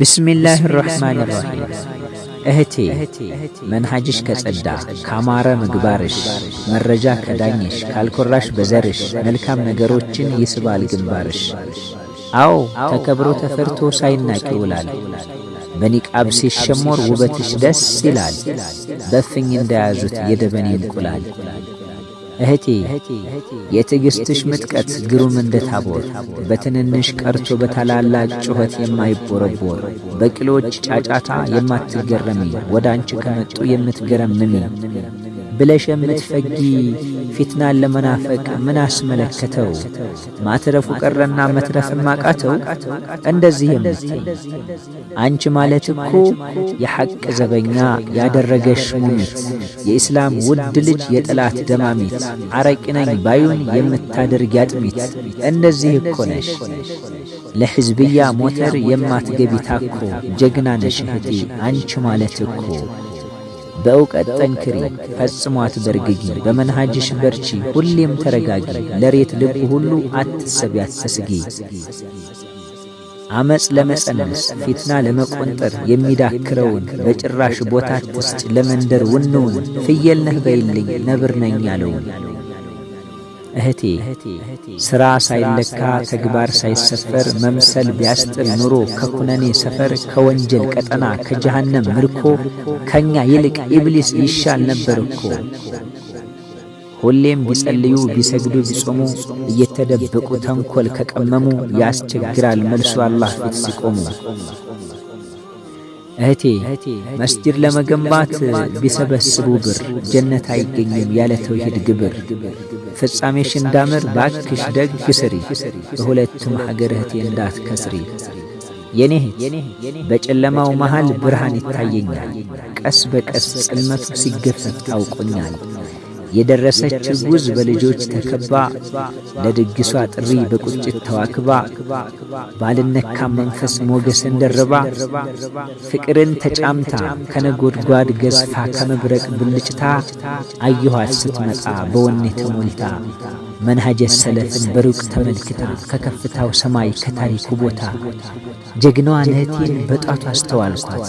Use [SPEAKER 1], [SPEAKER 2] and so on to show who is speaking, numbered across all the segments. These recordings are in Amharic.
[SPEAKER 1] ቢስሚላህ ራሕማን ራሒም እህቴ መንሃጅሽ ከጸዳ ካማረ ምግባርሽ መረጃ ከዳኘሽ ካልኮራሽ በዘርሽ መልካም ነገሮችን ይስባል ግንባርሽ። አዎ ተከብሮ ተፈርቶ ሳይናቅ ይውላል። በኒቃብ ሲሸሞር ውበትሽ ደስ ይላል። በፍኝ እንደያዙት የደበኔ እንቁላል እህቴ የትዕግሥትሽ ምጥቀት ግሩም እንደ ታቦር በትንንሽ ቀርቶ በታላላቅ ጩኸት የማይቦረቦር በቅሎች ጫጫታ የማትገረሚ ወደ አንቺ ከመጡ የምትገረምሚ ብለሽ የምትፈጊ ፊትናን ለመናፈቅ ምን አስመለከተው? ማትረፉ ቀረና መትረፍም አቃተው። እንደዚህ የምትይ አንቺ ማለት እኮ የሐቅ ዘበኛ ያደረገሽ ሙኒት፣ የኢስላም ውድ ልጅ፣ የጠላት ደማሚት፣ አረቂ ነኝ ባዩን የምታደርግ ያጥሚት። እንደዚህ እኮ ነሽ ለሕዝብያ ሞተር የማትገቢ ታኮ፣ ጀግና ነሽ እህቴ አንቺ ማለት እኮ በእውቀት ጠንክሪ፣ ፈጽሞ አትበርግጊ፣ በመንሃጅሽ በርቺ፣ ሁሌም ተረጋጊ። ለሬት ልብ ሁሉ አትሰቢ፣ አትሰስጊ። አመፅ ለመጸነስ ፊትና ለመቆንጠር የሚዳክረውን በጭራሽ ቦታ አትስጭ። ለመንደር ውንውን ፍየል ነህ በይልኝ ነብር ነኝ ያለውን እህቴ ስራ ሳይለካ ተግባር ሳይሰፈር መምሰል ቢያስጥል ኑሮ ከኩነኔ ሰፈር ከወንጀል ቀጠና ከጀሃነም ምርኮ ከእኛ ይልቅ ኢብሊስ ይሻል ነበር እኮ። ሁሌም ቢጸልዩ ቢሰግዱ ቢጾሙ እየተደበቁ ተንኰል ከቀመሙ ያስቸግራል መልሱ አላህ ፊት ሲቆሙ። እህቴ መስጂድ ለመገንባት ቢሰበስቡ ብር ጀነት አይገኝም ያለ ተውሂድ ግብር። ፍጻሜሽ እንዳምር ባክሽ ደግ ስሪ፣ በሁለቱም ሀገር እህቴ እንዳትከስሪ። የኔ በጨለማው መሃል ብርሃን ይታየኛል፣ ቀስ በቀስ ጽልመቱ ሲገፈፍ ታውቆኛል። የደረሰች ጉዝ በልጆች ተከባ ለድግሷ ጥሪ በቁጭት ተዋክባ ባልነካ መንፈስ ሞገስን ደርባ ፍቅርን ተጫምታ ከነጎድጓድ ገዝፋ ከመብረቅ ብልጭታ አየኋት ስትመጣ በወኔ ተሞልታ መንሃጀ ሰለፍን በሩቅ ተመልክታ ከከፍታው ሰማይ ከታሪኩ ቦታ ጀግናዋን እህቴን በጧቱ አስተዋልኳት።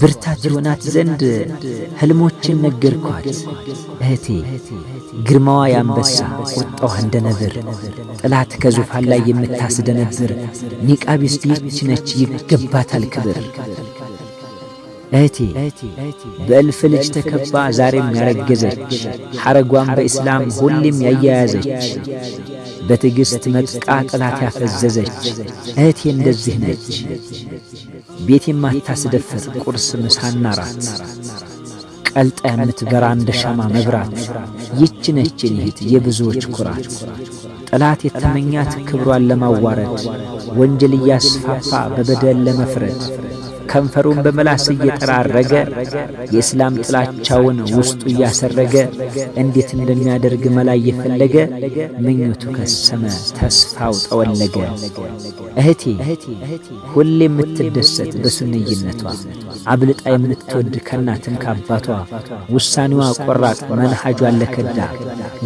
[SPEAKER 1] ብርታት ይሆናት ዘንድ ሕልሞችን ነገርኳት። እህቴ ግርማዋ ያንበሳ ቁጣዋ እንደ ነብር ጥላት ከዙፋን ላይ የምታስደነብር ኒቃቢስ ይች ነች፣ ይገባታል ክብር እህቴ በእልፍ ልጅ ተከባ ዛሬም ያረገዘች ሐረጓን በእስላም ሁሌም ያያያዘች በትዕግሥት መጥቃ ጠላት ያፈዘዘች እህቴ እንደዚህ ነች። ቤት የማታስደፍር ቁርስ ምሳና ራት ቀልጣ የምትበራ እንደ ሻማ መብራት ይች ነች እህት የብዙዎች ኩራት። ጠላት የተመኛት ክብሯን ለማዋረድ ወንጀል እያስፋፋ በበደል ለመፍረድ ከንፈሩን በመላስ እየጠራረገ የእስላም ጥላቻውን ውስጡ እያሰረገ እንዴት እንደሚያደርግ መላ እየፈለገ ምኞቱ ከሰመ፣ ተስፋው ጠወለገ። እህቴ ሁሌ የምትደሰት በሱንይነቷ አብልጣ የምትወድ ከናትም ከአባቷ ውሳኔዋ ቆራጥ መንሃጇ ለከዳ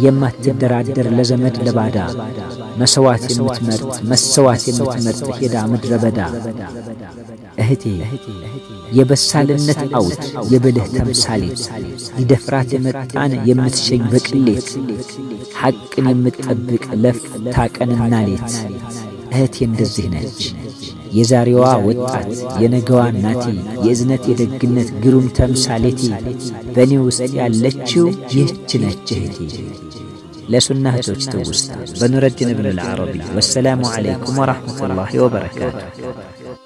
[SPEAKER 1] የማትደራደር ለዘመድ ለባዳ መሰዋት የምትመርጥ መሰዋት የምትመርጥ ሄዳ ምድረ በዳ እህቴ የበሳልነት አውት የብልህ ተምሳሌት ሊደፍራት የመጣን የምትሸኝ በቅሌት ሐቅን የምትጠብቅ ለፍታ ቀንና ሌት እህቴ እንደዚህ ነች የዛሬዋ ወጣት የነገዋ እናቴ የእዝነት የደግነት ግሩም ተምሳሌቴ በእኔ ውስጥ ያለችው ይህች ነች እህቴ። ለሱና እህቶች ትውስታ በኑረዲን ብን ልዓረቢ። ወሰላሙ ዓለይኩም ወረሕመቱላሂ ወበረካቱ።